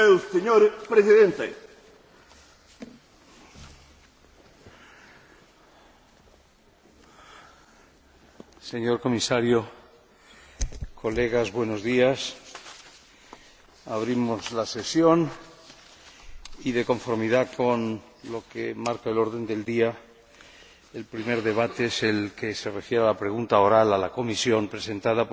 el señor presidente. Señor comisario, colegas, buenos días. Abrimos la sesión y, de conformidad con lo que marca el orden del día, el primer debate es el que se refiere a la pregunta oral a la Comisión presentada